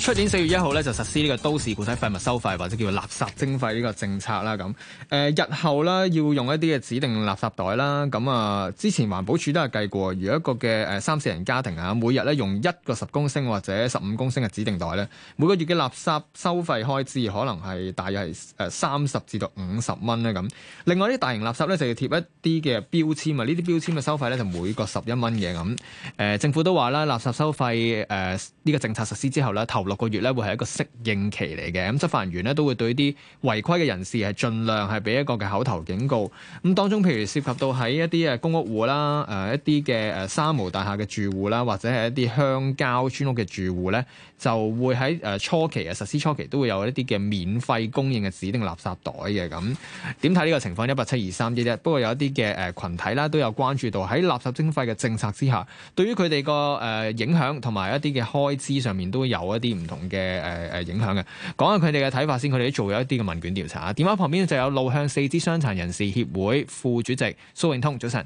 出年四月一號咧就實施呢個都市固體廢物收費或者叫做垃圾徵費呢個政策啦咁，誒、呃、日後咧要用一啲嘅指定垃圾袋啦咁，啊之前環保署都係計過，如果一個嘅誒三四人家庭啊，每日咧用一個十公升或者十五公升嘅指定袋咧，每個月嘅垃圾收費開支可能係大約係誒三十至到五十蚊咧咁。另外啲大型垃圾咧就要貼一啲嘅標籤啊，這些籤呢啲標籤嘅收費咧就每個十一蚊嘅咁。誒、呃、政府都話啦，垃圾收費誒呢個政策實施之後咧頭六個月咧會係一個適應期嚟嘅，咁執法人員咧都會對啲違規嘅人士係盡量係俾一個嘅口頭警告。咁當中譬如涉及到喺一啲啊公屋戶啦，誒、呃、一啲嘅誒三無大廈嘅住戶啦，或者係一啲鄉郊村屋嘅住戶咧，就會喺誒初期啊實施初期都會有一啲嘅免費供應嘅指定垃圾袋嘅。咁點睇呢個情況？一百七二三一啫。不過有一啲嘅誒羣體啦都有關注到喺垃圾徵費嘅政策之下，對於佢哋個誒影響同埋一啲嘅開支上面都有一啲。唔同嘅誒誒影響嘅，講下佢哋嘅睇法先。佢哋都做咗一啲嘅問卷調查。電話旁邊就有路向四肢傷殘人士協會副主席蘇永通，早晨。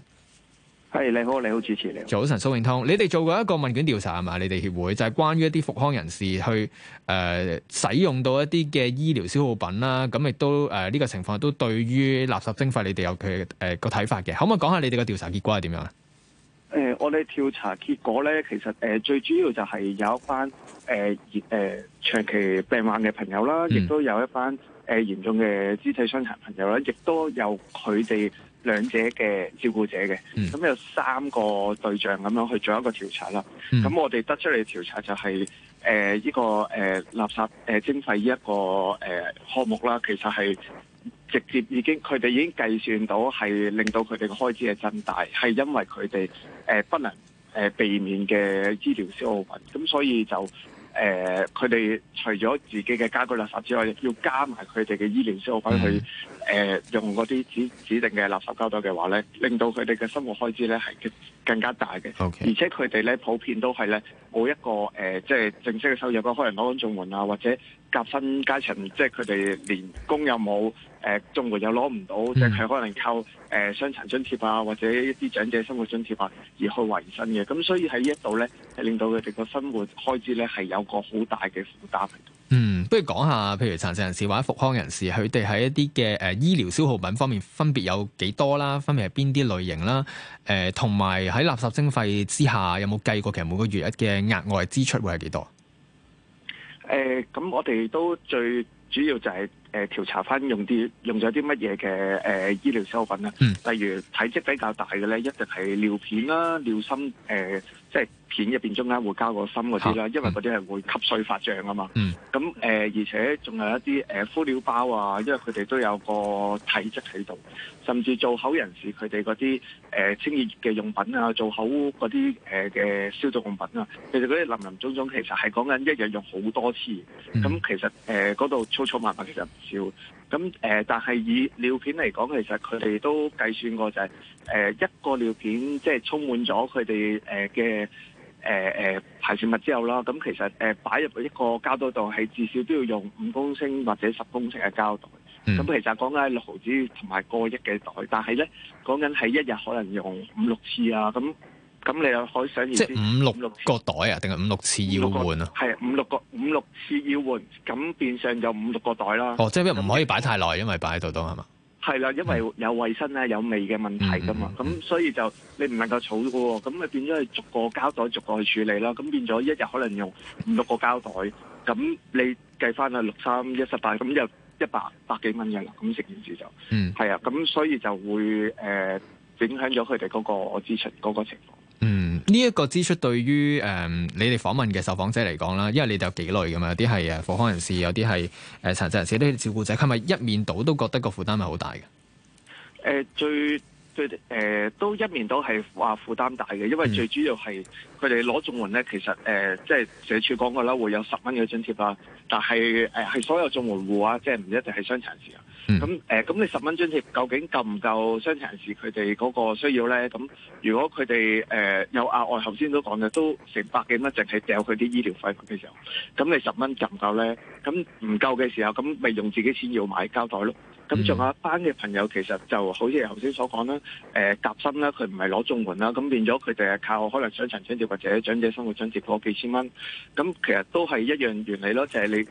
係，你好，你好，主持你。早晨，蘇永通，你哋做過一個問卷調查係嘛？你哋協會就係、是、關於一啲復康人士去誒、呃、使用到一啲嘅醫療消耗品啦。咁亦都誒呢、呃、這個情況都對於垃圾徵費，你哋有佢誒、呃、個睇法嘅。可唔可以講下你哋嘅調查結果係點樣啊？誒、呃，我哋調查結果咧，其實誒、呃、最主要就係有一班誒熱長長期病患嘅朋友啦，亦、嗯、都有一班誒、呃、嚴重嘅肢體傷殘朋友啦，亦都有佢哋兩者嘅照顧者嘅。咁、嗯、有三個對象咁樣去做一個調查啦。咁、嗯、我哋得出嚟嘅調查就係誒呢個誒、呃、垃圾誒、呃、徵費呢、這、一個誒、呃、項目啦，其實係直接已經佢哋已經計算到係令到佢哋嘅開支係增大，係因為佢哋。誒、呃、不能誒、呃、避免嘅醫療消耗品，咁所以就誒佢哋除咗自己嘅家居垃圾之外，要加埋佢哋嘅醫療消耗品去誒、呃、用嗰啲指指定嘅垃圾膠袋嘅話咧，令到佢哋嘅生活開支咧係更加大嘅，Okay. 而且佢哋咧普遍都係咧冇一個誒即係正式嘅收入，可能攞緊綜援啊或者。夾心階層，即係佢哋連工又冇，誒、呃，綜援又攞唔到，嗯、即係可能靠誒傷殘津貼啊，或者一啲長者生活津貼啊而去維生嘅。咁所以喺呢一度咧，令到佢哋個生活開支咧係有一個好大嘅負擔。嗯，不如講下，譬如殘疾人士或者復康人士，佢哋喺一啲嘅誒醫療消耗品方面分別，分別有幾多啦？分別係邊啲類型啦？誒、呃，同埋喺垃圾徵費之下，有冇計過其實每個月一嘅額外支出會係幾多？誒，咁、嗯、我哋都最。主要就係、是、誒、呃、調查翻用啲用咗啲乜嘢嘅誒醫療消耗品啦，嗯、例如體積比較大嘅咧，一定係尿片啦、啊、尿芯誒、呃，即係片入邊中間會加個芯嗰啲啦，啊、因為嗰啲係會吸水發脹啊嘛。咁誒、嗯嗯呃，而且仲有一啲誒、呃、敷料包啊，因為佢哋都有個體積喺度，甚至做口人士佢哋嗰啲誒清潔嘅用品啊，做口嗰啲誒嘅消毒用品啊，其實嗰啲林林總總，其實係講緊一日用好多次。咁、嗯、其實誒嗰度鋪滿埋其實唔少，咁誒，但係以尿片嚟講，其實佢哋都計算過就係，誒一個尿片即係、就是、充滿咗佢哋誒嘅誒誒排泄物之後啦，咁其實誒擺入一個膠袋度係至少都要用五公升或者十公升嘅膠袋，咁、嗯、其實講緊六毫紙同埋個億嘅袋，但係咧講緊係一日可能用五六次啊咁。咁你又可以想而即係五六個袋啊，定係五六次要換啊？係五六個五六次要換，咁、啊、變相就五六個袋啦。哦，即係咩唔可以擺太耐，因為擺喺度都係嘛？係啦、啊，因為有衛生咧，嗯、有味嘅問題㗎嘛。咁、嗯嗯嗯、所以就你唔能夠儲㗎喎，咁咪變咗係逐個膠袋逐個去處理啦。咁變咗一日可能用五六個膠袋，咁你計翻去六三一十八，咁 就一百百幾蚊嘅啦。咁成件事就，嗯，係啊，咁所以就會誒、呃、影響咗佢哋嗰個支出嗰個情況。呢一個支出對於誒、嗯、你哋訪問嘅受訪者嚟講啦，因為你哋有幾類噶嘛，有啲係誒復康人士，有啲係誒殘疾人士，呢啲照顧者，係咪一面倒都覺得個負擔係好大嘅？誒、呃、最最誒、呃、都一面倒係話負擔大嘅，因為最主要係佢哋攞綜援咧，其實誒即係社署講過啦，會有十蚊嘅津貼啦，但係誒係所有綜援戶啊，即係唔一定係傷殘人士啊。咁誒，咁、 嗯、你十蚊津貼究竟夠唔夠傷殘人士佢哋嗰個需要咧？咁如果佢哋誒有額外，頭先都講嘅，都成百幾蚊淨係掉佢啲醫療費嘅時候，咁你十蚊夠唔夠咧？咁唔夠嘅時候，咁咪用自己錢要買膠袋咯。咁仲有一班嘅朋友，其實就，就好似頭先所講啦，誒、呃、夾心啦，佢唔係攞綜援啦，咁變咗佢哋係靠可能傷殘津貼或者長者生活津貼嗰幾千蚊，咁其實都係一樣原理咯，就係、是、你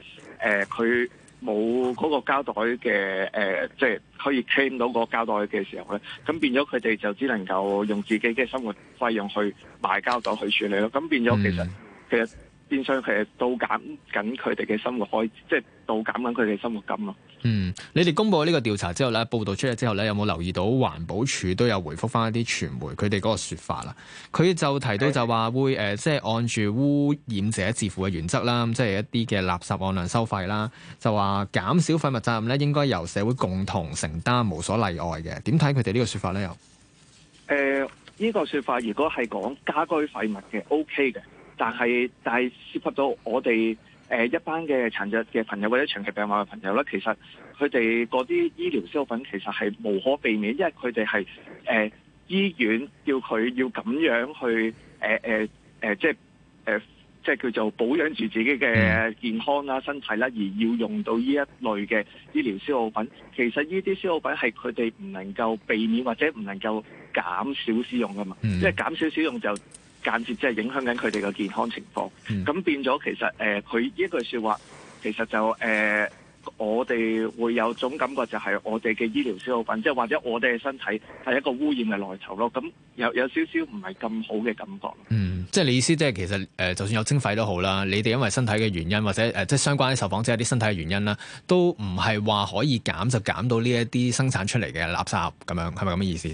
佢。呃冇嗰個膠袋嘅誒、呃，即係可以 claim 到個膠袋嘅時候咧，咁變咗佢哋就只能夠用自己嘅生活費用去買膠袋去處理咯，咁變咗其實其實、嗯、變相其實倒減緊佢哋嘅生活開，即係倒減緊佢哋嘅生活金咯。嗯，你哋公布咗呢個調查之後咧，報道出嚟之後咧，有冇留意到環保署都有回覆翻一啲傳媒佢哋嗰個說法啦？佢就提到就話會誒、呃，即係按住污染者自負嘅原則啦，即係一啲嘅垃圾按量收費啦，就話減少廢物責任咧，應該由社會共同承擔，無所例外嘅。點睇佢哋呢個說法咧？又誒、呃、呢、這個說法如果係講家居廢物嘅，OK 嘅，但係但係涉及咗我哋。誒、呃、一班嘅殘疾嘅朋友或者長期病患嘅朋友咧，其實佢哋嗰啲醫療消耗品其實係無可避免，因為佢哋係誒醫院叫佢要咁樣去誒誒誒，即係誒、呃、即係叫做保養住自己嘅健康啦、啊、身體啦、啊，而要用到呢一類嘅醫療消耗品。其實呢啲消耗品係佢哋唔能夠避免或者唔能夠減少使用噶嘛，嗯、即係減少使用就。間接即係影響緊佢哋嘅健康情況，咁、嗯、變咗其實誒，佢、呃、呢一句説話，其實就誒、呃，我哋會有種感覺，就係我哋嘅醫療消耗品，即係或者我哋嘅身體係一個污染嘅來頭咯。咁有有少少唔係咁好嘅感覺。嗯，即係你意思即係其實誒、呃，就算有徵費都好啦，你哋因為身體嘅原因，或者誒、呃、即係相關啲受訪者啲身體嘅原因啦，都唔係話可以減就減到呢一啲生產出嚟嘅垃圾咁樣，係咪咁嘅意思？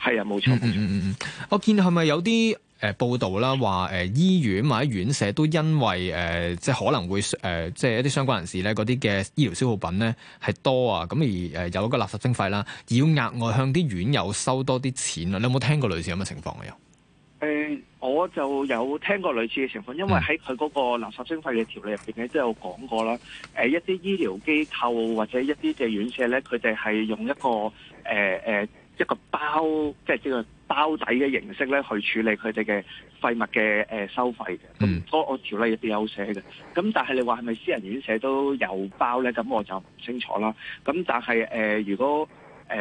係啊，冇錯，嗯嗯嗯，冇錯，我見係咪有啲？誒、呃、報道啦，話、呃、誒醫院或者院舍都因為誒、呃、即係可能會誒、呃、即係一啲相關人士咧，嗰啲嘅醫療消耗品咧係多啊，咁而誒、呃、有一個垃圾徵費啦，要額外向啲院友收多啲錢啊！你有冇聽過類似咁嘅情況啊？有，誒，我就有聽過類似嘅情況，因為喺佢嗰個垃圾徵費嘅條例入邊咧，都有講過啦。誒一啲醫療機構或者一啲嘅院舍咧，佢哋係用一個誒誒。呃呃一個包即係呢個包底嘅形式咧，去處理佢哋嘅廢物嘅誒收費嘅。咁嗰個條例入邊有寫嘅。咁但係你話係咪私人院舍都有包咧？咁我就唔清楚啦。咁但係誒、呃，如果誒、呃、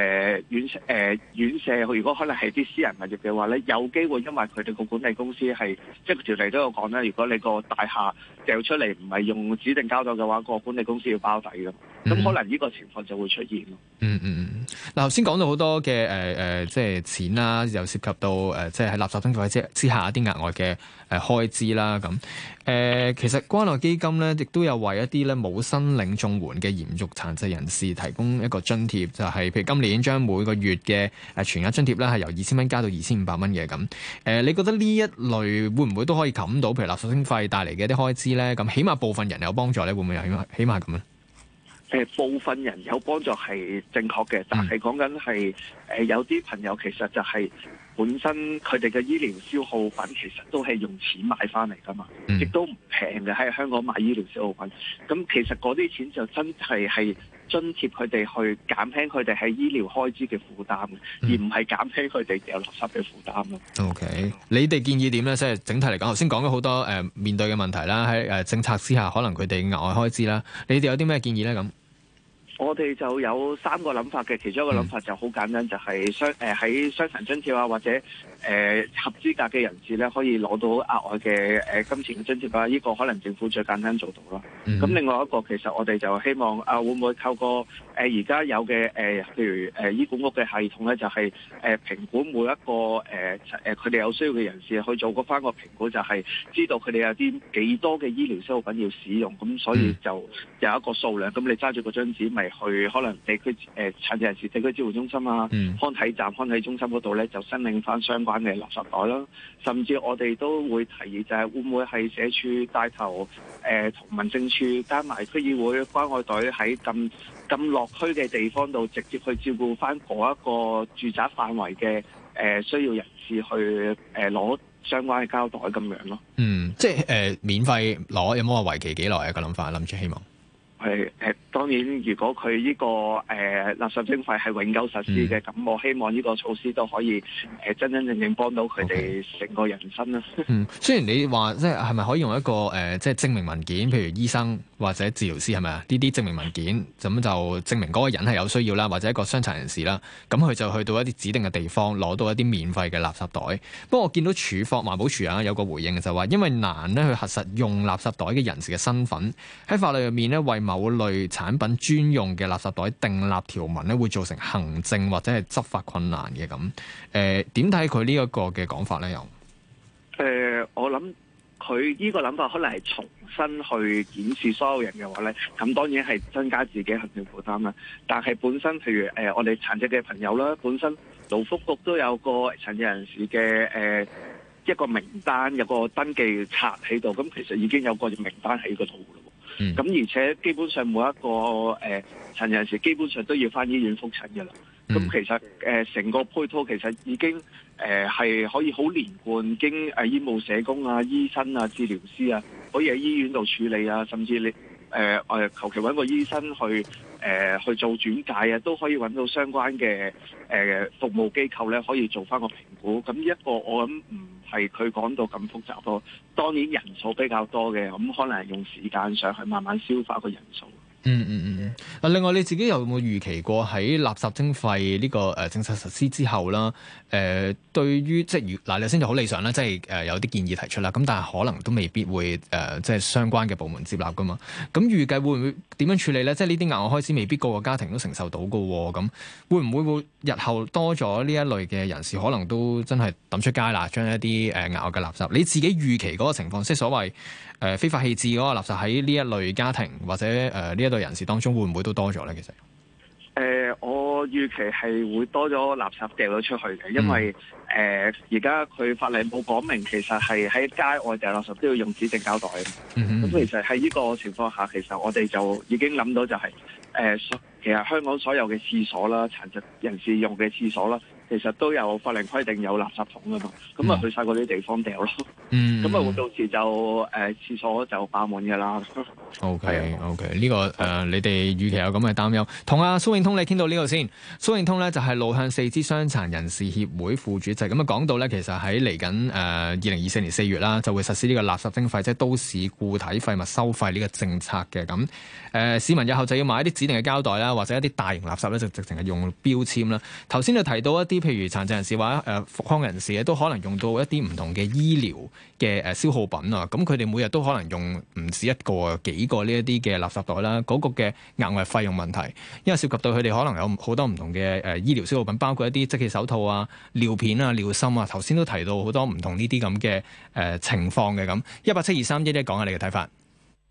院誒、呃、院舍，如果可能係啲私人物業嘅話咧，有機會因為佢哋個管理公司係即係條例都有講啦，如果你個大廈掉出嚟唔係用指定膠袋嘅話，個管理公司要包底嘅。咁、嗯、可能呢個情況就會出現嗯嗯嗯。嗱、嗯，頭先講到好多嘅誒誒，即係錢啦、啊，又涉及到誒、呃，即係喺垃圾徵費之之下一啲額外嘅誒開支啦。咁、呃、誒，其實關愛基金咧，亦都有為一啲咧冇申領綜援嘅嚴重殘疾人士提供一個津貼，就係、是、譬如今年將每個月嘅誒全額津貼咧，係由二千蚊加到二千五百蚊嘅咁。誒、呃，你覺得呢一類會唔會都可以冚到？譬如垃圾徵費帶嚟嘅一啲開支咧，咁起碼部分人有幫助咧，會唔會有起碼咁樣？誒部分人有幫助係正確嘅，但係講緊係誒有啲朋友其實就係本身佢哋嘅醫療消耗品其實都係用錢買翻嚟㗎嘛，亦都唔平嘅，喺香港買醫療消耗品。咁其實嗰啲錢就真係係津貼佢哋去減輕佢哋喺醫療開支嘅負擔，而唔係減輕佢哋掉垃圾嘅負擔咯。嗯、o、okay. K. 你哋建議點咧？即係整體嚟講，頭先講咗好多誒面對嘅問題啦，喺誒政策之下，可能佢哋額外開支啦。你哋有啲咩建議咧？咁？我哋就有三個諗法嘅，其中一個諗法就好簡單，就係傷誒喺傷殘津貼啊，或者，誒、呃、合資格嘅人士咧，可以攞到額外嘅誒、呃、金錢嘅津貼啦。依、啊，這個可能政府最簡單做到啦。咁、mm hmm. 另外一個其實我哋就希望啊，會唔會透過誒而家有嘅誒、呃，譬如誒、呃、醫管局嘅系統咧，就係、是、誒、呃、評估每一個誒誒佢哋有需要嘅人士去做嗰翻個評估，就係、是、知道佢哋有啲幾多嘅醫療消耗品要使用，咁所以就有一個數量。咁你揸住個張紙咪去可能地區誒殘疾人士地區支援中心啊、康、mm hmm. 體站、康體中心嗰度咧，就申領翻相關。管理垃圾袋咯，甚至我哋都會提議，就係會唔會係社署帶頭？誒同民政處加埋區議會關愛隊喺咁咁落區嘅地方度，直接去照顧翻嗰一個住宅範圍嘅誒需要人士去誒攞相關嘅膠袋咁樣咯。嗯，即係誒、呃、免費攞，有冇話為期幾耐啊？個諗法諗住希望。係誒，當然如果佢依、呢個誒垃圾徵費係永久實施嘅，咁我希望呢個措施都可以誒真、呃、真正正幫到佢哋成個人生啦。Okay. 嗯，雖然你話即係係咪可以用一個誒、呃、即係證明文件，譬如醫生或者治療師係咪啊？呢啲證明文件，咁就證明嗰個人係有需要啦，或者一個傷殘人士啦，咁佢就去到一啲指定嘅地方攞到一啲免費嘅垃圾袋。不過我見到署方環保署啊有個回應就話，因為難呢去核實用垃圾袋嘅人士嘅身份，喺法律入面呢，為物。某類產品專用嘅垃圾袋訂立條文咧，會造成行政或者係執法困難嘅咁。誒、呃，點睇佢呢一個嘅講法咧？又誒、呃，我諗佢呢個諗法可能係重新去檢視所有人嘅話咧，咁當然係增加自己行政負擔啦。但係本身譬如誒，我哋殘疾嘅朋友啦，本身勞福局都有個殘疾人士嘅誒、呃、一個名單，有個登記冊喺度，咁其實已經有個名單喺度。咁、嗯、而且基本上每一個誒、呃、陳人士基本上都要返醫院覆診㗎啦。咁、嗯、其實誒成、呃、個配套其實已經誒係、呃、可以好連貫，經誒醫務社工啊、醫生啊、治療師啊，可以喺醫院度處理啊，甚至你。誒誒，求其揾個醫生去誒、呃、去做轉介啊，都可以揾到相關嘅誒、呃、服務機構咧，可以做翻個評估。咁一個我諗唔係佢講到咁複雜咯。當然人數比較多嘅，咁可能係用時間上去慢慢消化個人數。嗯嗯嗯嗯。嗱、嗯，嗯、另外你自己有冇預期過喺垃圾徵費呢個誒政策實施之後啦？誒、呃，對於即係如嗱，你先就好理想啦，即係誒有啲建議提出啦。咁但係可能都未必會誒、呃，即係相關嘅部門接納噶嘛。咁預計會唔會點樣處理咧？即係呢啲額外開支未必個個家庭都承受到噶喎。咁會唔會會日後多咗呢一類嘅人士，可能都真係抌出街啦，將一啲誒額外嘅垃圾。你自己預期嗰個情況，即係所謂。誒非法棄置嗰個垃圾喺呢一類家庭或者誒呢一類人士當中會唔會都多咗咧？其實誒，我預期係會多咗垃圾掉咗出去嘅，因為誒而家佢法例冇講明，其實係喺街外掉垃圾都要用指定膠袋。咁、嗯嗯嗯、其實喺呢個情況下，其實我哋就已經諗到就係、是、誒、呃，其實香港所有嘅廁所啦，殘疾人士用嘅廁所啦。其實都有法令規定有垃圾桶噶嘛，咁啊去晒嗰啲地方掉咯。嗯，咁啊，到時就誒、呃、廁所就爆滿嘅啦。OK，OK，okay, okay, 呢、這個誒、呃、你哋與其有咁嘅擔憂。同阿、啊、蘇永通你傾到呢度先。蘇永通咧就係、是、路向四肢傷殘人士協會副主席。咁啊講到咧，其實喺嚟緊誒二零二四年四月啦，就會實施呢個垃圾徵費，即係都市固體廢物收費呢個政策嘅。咁誒、呃、市民以後就要買一啲指定嘅膠袋啦，或者一啲大型垃圾咧就直情係用標籤啦。頭先就提到一啲譬如殘疾人士或者誒復康人士咧，都可能用到一啲唔同嘅醫療嘅誒消耗品啊。咁佢哋每日都可能用唔止一個幾個呢一啲嘅垃圾袋啦。嗰個嘅額外費用問題，因為涉及到佢哋可能有好多唔同嘅誒醫療消耗品，包括一啲即棄手套啊、尿片啊、尿芯啊。頭先都提到好多唔同呢啲咁嘅誒情況嘅咁。一八七二三一一，講下你嘅睇法。